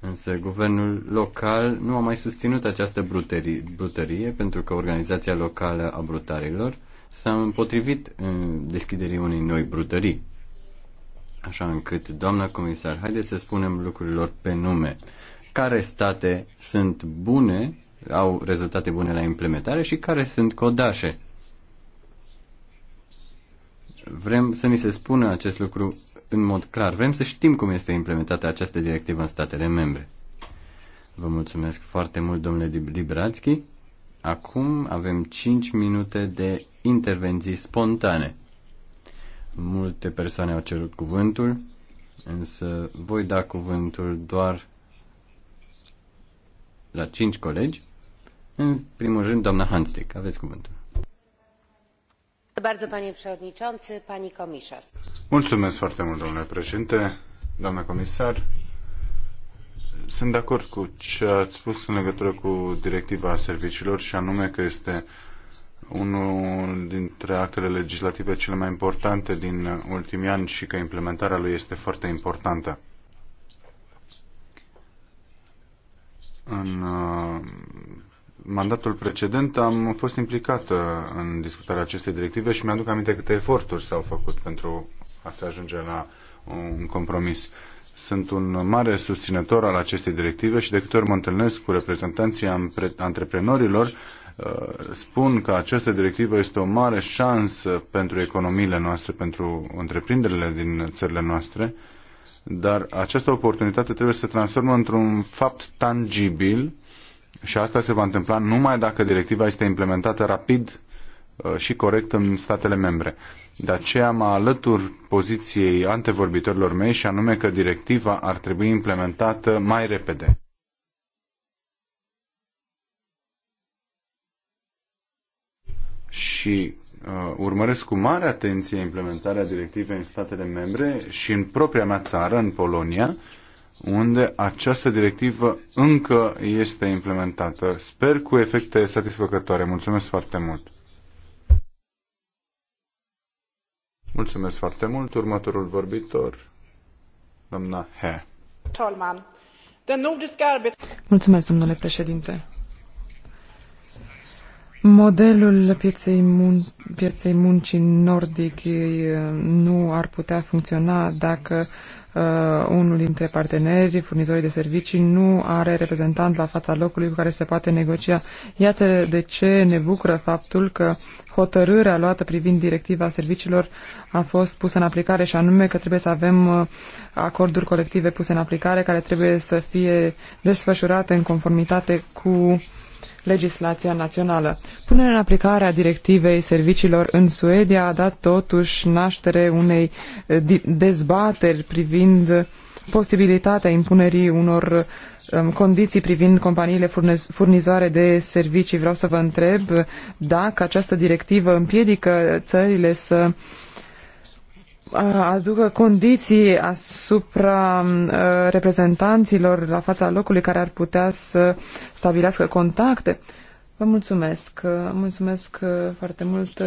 însă guvernul local nu a mai susținut această brutărie, brutărie pentru că organizația locală a brutarilor s-a împotrivit uh, deschiderii unei noi brutării. Așa încât, doamna comisar, haideți să spunem lucrurilor pe nume. Care state sunt bune, au rezultate bune la implementare și care sunt codașe? Vrem să ni se spună acest lucru în mod clar. Vrem să știm cum este implementată această directivă în statele membre. Vă mulțumesc foarte mult, domnule Librațchi. Acum avem 5 minute de intervenții spontane. Multe persoane au cerut cuvântul, însă voi da cuvântul doar la cinci colegi. În primul rând, doamna Hanslick, aveți cuvântul. Mulțumesc foarte mult, domnule președinte, doamna comisar. Sunt de acord cu ce ați spus în legătură cu directiva serviciilor și anume că este unul dintre actele legislative cele mai importante din ultimii ani și că implementarea lui este foarte importantă. În uh, mandatul precedent am fost implicată uh, în discutarea acestei directive și mi-aduc aminte câte eforturi s-au făcut pentru a se ajunge la un compromis. Sunt un mare susținător al acestei directive și de câte ori mă întâlnesc cu reprezentanții antreprenorilor, Uh, spun că această directivă este o mare șansă pentru economiile noastre, pentru întreprinderile din țările noastre, dar această oportunitate trebuie să se transformă într-un fapt tangibil și asta se va întâmpla numai dacă directiva este implementată rapid uh, și corect în statele membre. De aceea mă alătur poziției antevorbitorilor mei și anume că directiva ar trebui implementată mai repede. și uh, urmăresc cu mare atenție implementarea directivei în statele membre și în propria mea țară, în Polonia, unde această directivă încă este implementată. Sper cu efecte satisfăcătoare. Mulțumesc foarte mult! Mulțumesc foarte mult. Următorul vorbitor, doamna He. Mulțumesc, domnule președinte. Modelul pieței, mun- pieței muncii nordic nu ar putea funcționa dacă uh, unul dintre parteneri, furnizorii de servicii, nu are reprezentant la fața locului cu care se poate negocia. Iată de ce ne bucură faptul că hotărârea luată privind directiva serviciilor a fost pusă în aplicare și anume că trebuie să avem ă, acorduri colective puse în aplicare care trebuie să fie desfășurate în conformitate cu uh, legislația națională. Punerea în aplicare a directivei serviciilor în Suedia a dat totuși naștere unei eh, dezbateri privind posibilitatea impunerii unor eh, condiții privind companiile furnizoare de servicii. Vreau să vă întreb dacă această directivă împiedică țările să uh, aducă condiții asupra reprezentanților la fața locului care ar putea să stabilească contacte. Vă mulțumesc. Mulțumesc foarte mult.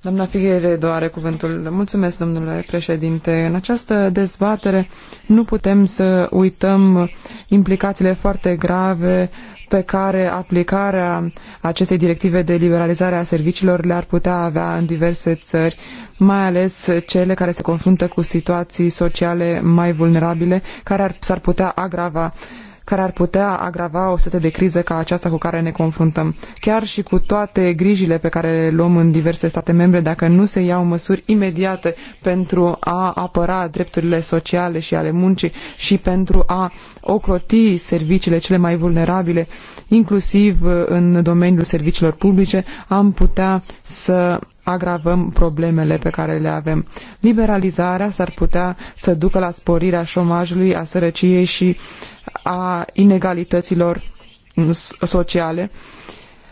Doamna Figueredo are cuvântul. Mulțumesc, domnule președinte. În această dezbatere nu putem să uităm implicațiile foarte grave uh, pe care aplicarea acestei directive de liberalizare a serviciilor le-ar putea avea în diverse țări, mai ales cele care se confruntă cu situații sociale mai vulnerabile, care s-ar putea agrava uh, care ar putea agrava o setă de crize ca aceasta cu care ne confruntăm. Chiar și cu toate grijile pe care le luăm în diverse state membre, dacă nu se iau măsuri imediate pentru a apăra drepturile sociale și ale muncii și pentru a ocroti serviciile cele mai vulnerabile, inclusiv în domeniul serviciilor publice, am putea să agravăm problemele pe care le avem. Liberalizarea s-ar putea să ducă la sporirea șomajului, a sărăciei și a inegalităților sociale,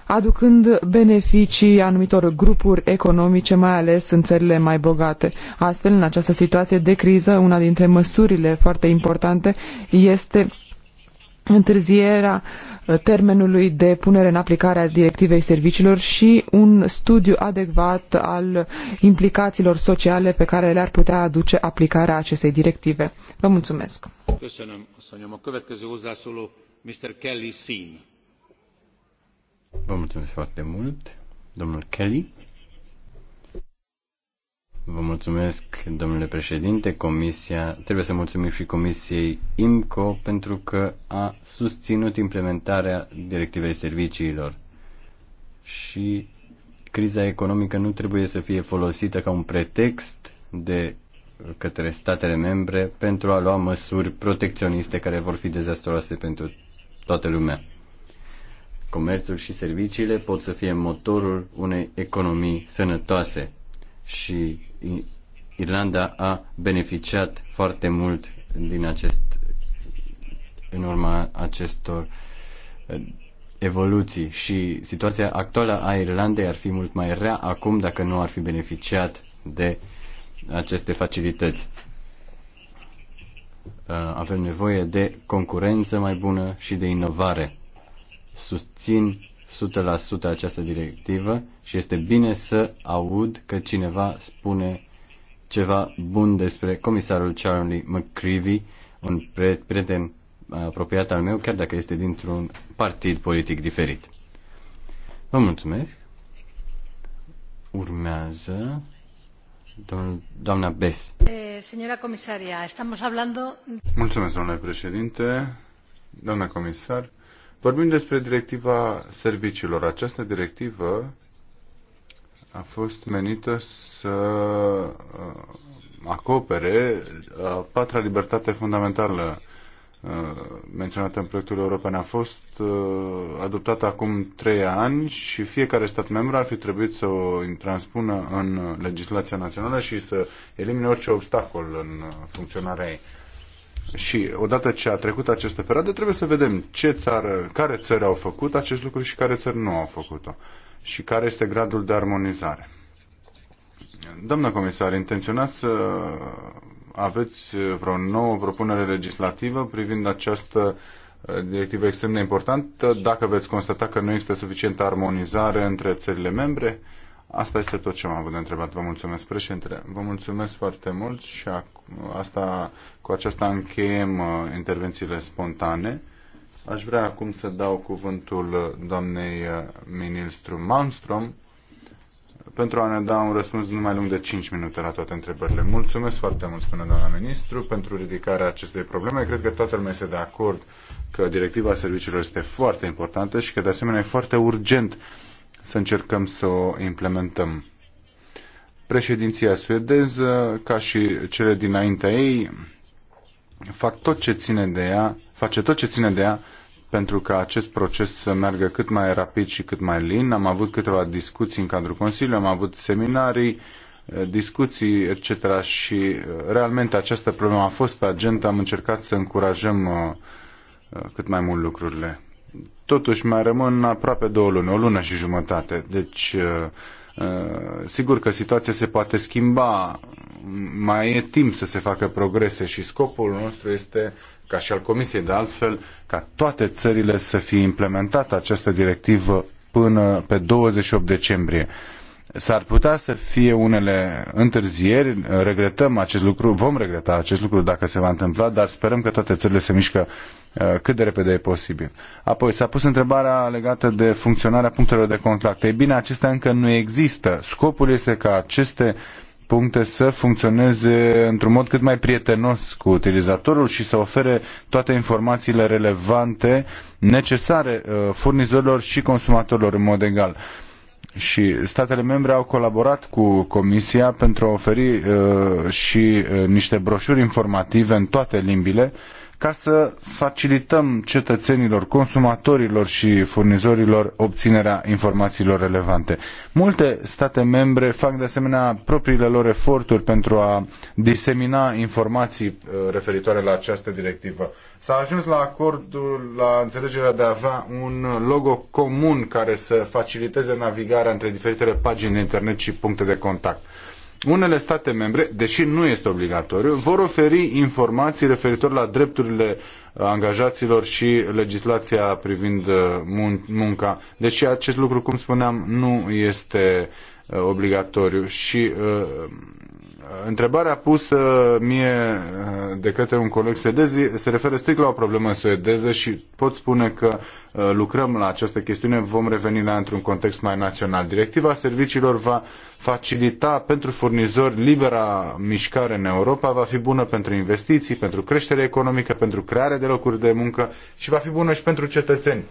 aducând beneficii anumitor grupuri economice, mai ales în țările mai bogate. Astfel, în această situație de criză, una dintre măsurile foarte importante este întârzierea uh, termenului de punere în aplicare a directivei serviciilor și un studiu adecvat al implicațiilor sociale pe care le-ar putea aduce aplicarea acestei directive. Vă mulțumesc! Vă mulțumesc foarte mult, domnul Kelly. Vă mulțumesc, domnule președinte. Comisia, trebuie să mulțumim și Comisiei IMCO pentru că a susținut implementarea directivei serviciilor. Și criza economică nu trebuie să fie folosită ca un pretext de către statele membre pentru a lua măsuri protecționiste care vor fi dezastroase pentru toată lumea. Comerțul și serviciile pot să fie motorul unei economii sănătoase și Irlanda a beneficiat foarte mult din acest, în urma acestor uh, evoluții și situația actuală a Irlandei ar fi mult mai rea acum dacă nu ar fi beneficiat de aceste facilități. Uh, avem nevoie de concurență mai bună și de inovare. Susțin 100% această directivă și este bine să aud că cineva spune ceva bun despre comisarul Charlie McCreevy, un prieten uh, apropiat al meu, chiar dacă este dintr-un partid politic diferit. Vă mulțumesc. Urmează doamna Bes. Eh, señora comisaria, estamos hablando... Mulțumesc, domnule președinte. Doamna comisar, Vorbim despre directiva serviciilor. Această directivă a fost menită să uh, acopere a uh, patra libertate fundamentală uh, menționată în proiectul european a fost adoptată acum trei ani și fiecare stat membru ar fi trebuit să o transpună în legislația națională și să elimine orice obstacol în funcționarea ei și odată ce a trecut această perioadă, trebuie să vedem ce țară, care țări au făcut acest lucru și care țări nu au făcut-o și care este gradul de armonizare. Doamna comisar, intenționați să aveți vreo nouă propunere legislativă privind această uh, directivă extrem de importantă, dacă veți constata că nu există suficientă armonizare între țările membre? Asta este tot ce am avut de întrebat. Vă mulțumesc, președinte. Vă mulțumesc foarte mult și asta, cu aceasta încheiem uh, intervențiile spontane. Aș vrea acum să dau cuvântul doamnei uh, ministru Malmström pentru a ne da un răspuns nu mai lung de 5 minute la toate întrebările. Mulțumesc foarte mult, spune doamna ministru, pentru ridicarea acestei probleme. Cred că toată lumea este de acord că directiva serviciilor este foarte importantă și că de asemenea e foarte urgent să încercăm să o implementăm. Președinția suedeză, ca și cele dinaintea ei, fac tot ce ține de ea, face tot ce ține de ea pentru ca acest proces să meargă cât mai rapid și cât mai lin. Am avut câteva discuții în cadrul Consiliului, am avut seminarii, discuții, etc. Și uh, realmente această problemă a fost pe agenda, am încercat să încurajăm uh, uh, cât mai mult lucrurile totuși mai rămân aproape două luni, o lună și jumătate. Deci, uh, uh, sigur că situația se poate schimba, mai e timp să se facă progrese și scopul nostru este, ca și al Comisiei de altfel, ca toate țările să fie implementată această directivă până pe 28 decembrie. S-ar putea să fie unele întârzieri, regretăm acest lucru, vom regreta acest lucru dacă se va întâmpla, dar sperăm că toate țările se mișcă uh, cât de repede e posibil. Apoi s-a pus întrebarea legată de funcționarea punctelor de contact. Ei bine, acestea încă nu există. Scopul este ca aceste puncte să funcționeze într-un mod cât mai prietenos cu utilizatorul și să ofere toate informațiile relevante necesare uh, furnizorilor și consumatorilor în mod egal și statele membre au colaborat cu Comisia pentru a oferi uh, și uh, niște broșuri informative în toate limbile uh, ca să facilităm cetățenilor, consumatorilor și furnizorilor obținerea informațiilor relevante. Multe state membre fac de asemenea propriile lor eforturi pentru a disemina informații uh, referitoare la această directivă. S-a ajuns la acordul, la înțelegerea de a avea un logo comun care să faciliteze navigarea între diferitele pagini de internet și puncte de contact unele state membre, deși nu este obligatoriu, vor oferi informații referitor la drepturile uh, angajaților și legislația privind uh, munca. Deși acest lucru, cum spuneam, nu este uh, obligatoriu și Întrebarea pusă mie uh, de către un coleg suedez se referă strict la o problemă suedeză și pot spune că uh, lucrăm la această chestiune, vom reveni la într-un context mai național. Directiva serviciilor va facilita pentru furnizori libera mișcare în Europa, va fi bună pentru investiții, pentru creștere economică, pentru creare de locuri de muncă și va fi bună și pentru cetățeni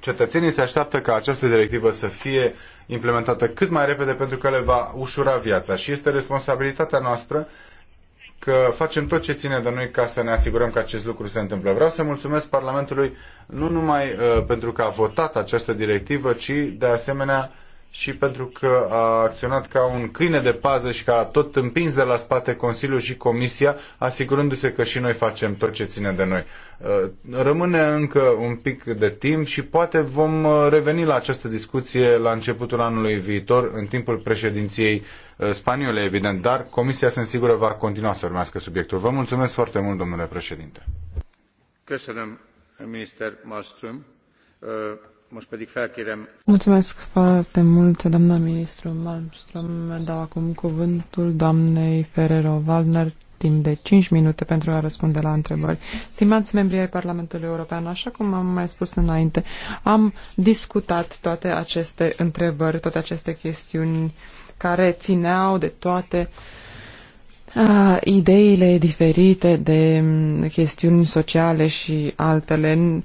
cetățenii se așteaptă ca această directivă să fie implementată cât mai repede pentru că le va ușura viața și este responsabilitatea noastră că facem tot ce ține de noi ca să ne asigurăm că acest lucru se întâmplă. Vreau să mulțumesc Parlamentului nu numai uh, pentru că a votat această directivă, ci de asemenea și pentru că a acționat ca un câine de pază și că tot împins de la spate Consiliul și Comisia, asigurându-se că și noi facem tot ce ține de noi. Uh, rămâne încă un pic de timp și poate vom uh, reveni la această discuție la începutul anului viitor, în timpul președinției uh, spaniole, evident, dar Comisia, sunt sigură, va continua să urmească subiectul. Vă mulțumesc foarte mult, domnule președinte. Mulțumesc, minister Malmström. Mulțumesc foarte mult, doamna ministru Malmström. Dau acum cuvântul doamnei Ferrero-Valner timp de 5 minute pentru a răspunde la întrebări. Stimați membri ai Parlamentului European, așa cum am mai spus înainte, am discutat toate aceste întrebări, toate aceste chestiuni care țineau de toate a, ideile diferite de mm, chestiuni sociale și altele.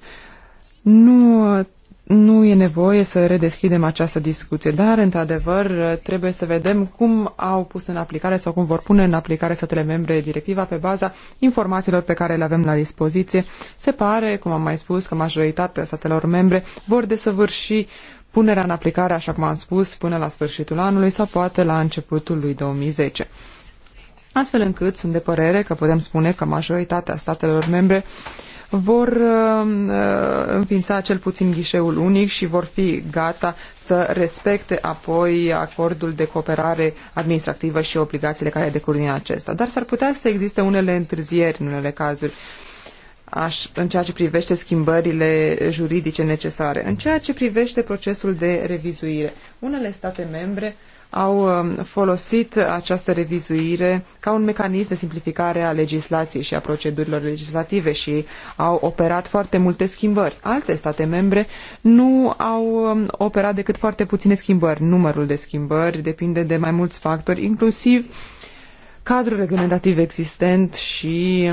Nu nu e nevoie să redeschidem această discuție, dar, într-adevăr, trebuie să vedem cum au pus în aplicare sau cum vor pune în aplicare statele membre directiva pe baza informațiilor pe care le avem la dispoziție. Se pare, cum am mai spus, că majoritatea statelor membre vor desăvârși punerea în aplicare, așa cum am spus, până la sfârșitul anului sau poate la începutul lui 2010. Astfel încât sunt de părere că putem spune că majoritatea statelor membre uh, vor uh, uh, înființa cel puțin ghișeul unic și vor fi gata să respecte apoi acordul de cooperare administrativă și obligațiile care decurg din acesta. Dar s-ar putea să existe unele întârzieri în unele cazuri aș, în ceea ce privește schimbările juridice necesare. În ceea ce privește procesul de revizuire, unele state membre uh, au um, folosit această revizuire ca un mecanism de simplificare a legislației și a procedurilor legislative și au operat foarte multe schimbări. Alte state membre nu au um, operat decât foarte puține schimbări. Numărul de schimbări depinde de mai mulți factori, inclusiv cadrul reglementativ existent și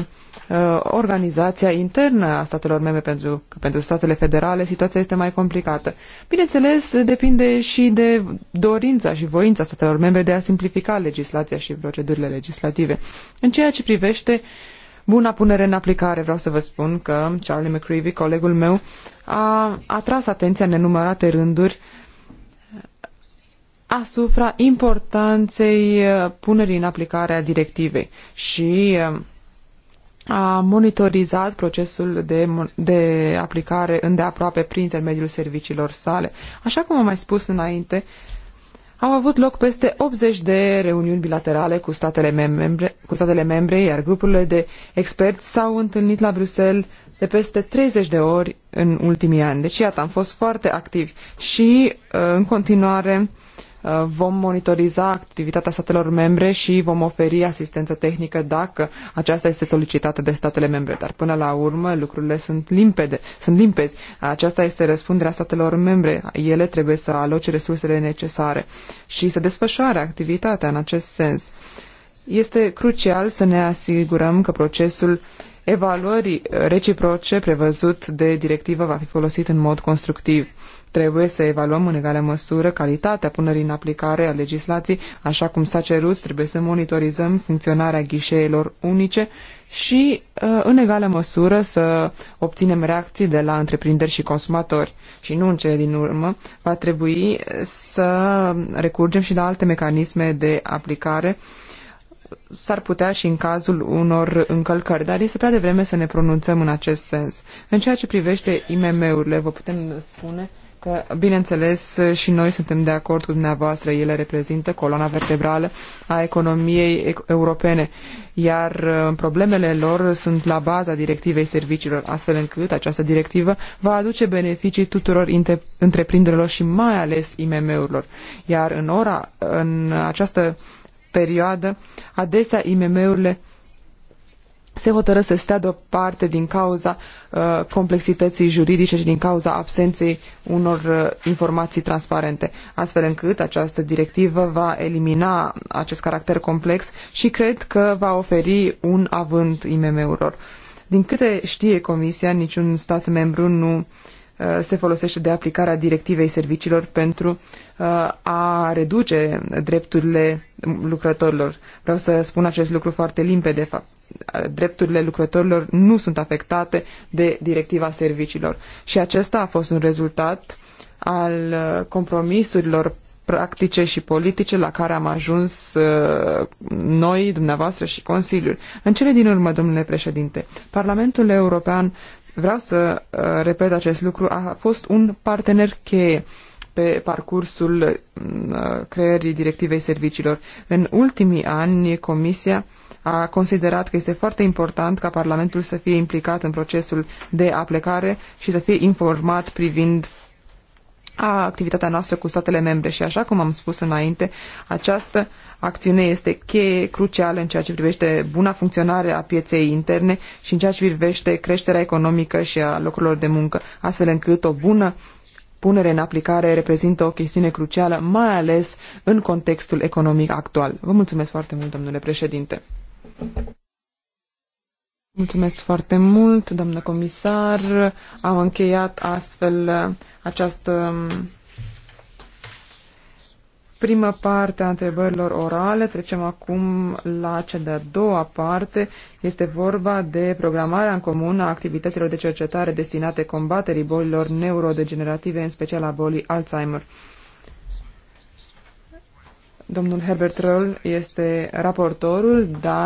uh, organizația internă a statelor membre pentru, pentru statele federale, situația este mai complicată. Bineînțeles, depinde și de dorința și voința statelor membre de a simplifica legislația și procedurile legislative. În ceea ce privește buna punere în aplicare, vreau să vă spun că Charlie McCreevy, colegul meu, a atras atenția în nenumărate rânduri uh, asupra importanței uh, punerii în aplicare a directivei și uh, a monitorizat procesul de, de aplicare îndeaproape prin intermediul serviciilor sale. Așa cum am mai spus înainte, au avut loc peste 80 de reuniuni bilaterale cu statele membre, cu statele membre iar grupurile de experți s-au întâlnit la Bruxelles de peste 30 de ori în ultimii ani. Deci, iată, am fost foarte activi și, uh, în continuare, Uh, vom monitoriza activitatea statelor membre și vom oferi asistență tehnică dacă aceasta este solicitată de statele membre. Dar până la urmă lucrurile sunt limpede, sunt limpezi. Aceasta este răspunderea statelor membre. Ele trebuie să aloce resursele necesare și să desfășoare activitatea în acest sens. Este crucial să ne asigurăm că procesul evaluării reciproce prevăzut de directivă va fi folosit în mod constructiv. Trebuie să evaluăm în egală măsură calitatea punerii în aplicare a legislației, așa cum s-a cerut, trebuie să monitorizăm funcționarea ghișeelor unice și, uh, în egală măsură, să obținem reacții de la întreprinderi și consumatori. Și nu în cele din urmă, va trebui să recurgem și la alte mecanisme de aplicare s-ar putea și în cazul unor încălcări, dar este prea devreme să ne pronunțăm în acest sens. În ceea ce privește IMM-urile, vă putem spune că, bineînțeles, și noi suntem de acord cu dumneavoastră, ele reprezintă coloana vertebrală a economiei europene, iar uh, problemele lor sunt la baza directivei serviciilor, astfel încât această directivă va aduce beneficii tuturor întreprinderilor și mai ales IMM-urilor. Iar în ora, în această perioadă, adesea IMM-urile se hotără să stea deoparte din cauza uh, complexității juridice și din cauza absenței unor uh, informații transparente, astfel încât această directivă va elimina acest caracter complex și cred că va oferi un avânt IMM-urilor. Din câte știe Comisia, niciun stat membru nu Uh, se folosește de aplicarea directivei serviciilor pentru uh, a reduce drepturile lucrătorilor. Vreau să spun acest lucru foarte limpede, de fapt. Drepturile lucrătorilor nu sunt afectate de directiva serviciilor. Și acesta a fost un rezultat al uh, compromisurilor practice și politice la care am ajuns noi, dumneavoastră și Consiliul. În cele din urmă, domnule președinte, Parlamentul European vreau să uh, repet acest lucru, a fost un partener cheie pe parcursul mm, uh, creării directivei serviciilor. În ultimii ani, Comisia a considerat că este foarte important ca Parlamentul să fie implicat în procesul de aplicare și să fie informat privind a uh, activitatea noastră cu statele membre și așa cum am spus înainte, această acțiune este cheie crucială în ceea ce privește buna funcționare a pieței interne și în ceea ce privește creșterea economică și a locurilor de muncă, astfel încât o bună punere în aplicare reprezintă o chestiune crucială, mai ales în contextul economic actual. Vă mulțumesc foarte mult, domnule președinte. Mulțumesc foarte mult, doamnă comisar. Am încheiat astfel această Prima parte a întrebărilor orale. Trecem acum la cea de-a doua parte. Este vorba de programarea în comun a activităților de cercetare destinate combaterii bolilor neurodegenerative, în special a bolii Alzheimer. Domnul Herbert Röll este raportorul, dar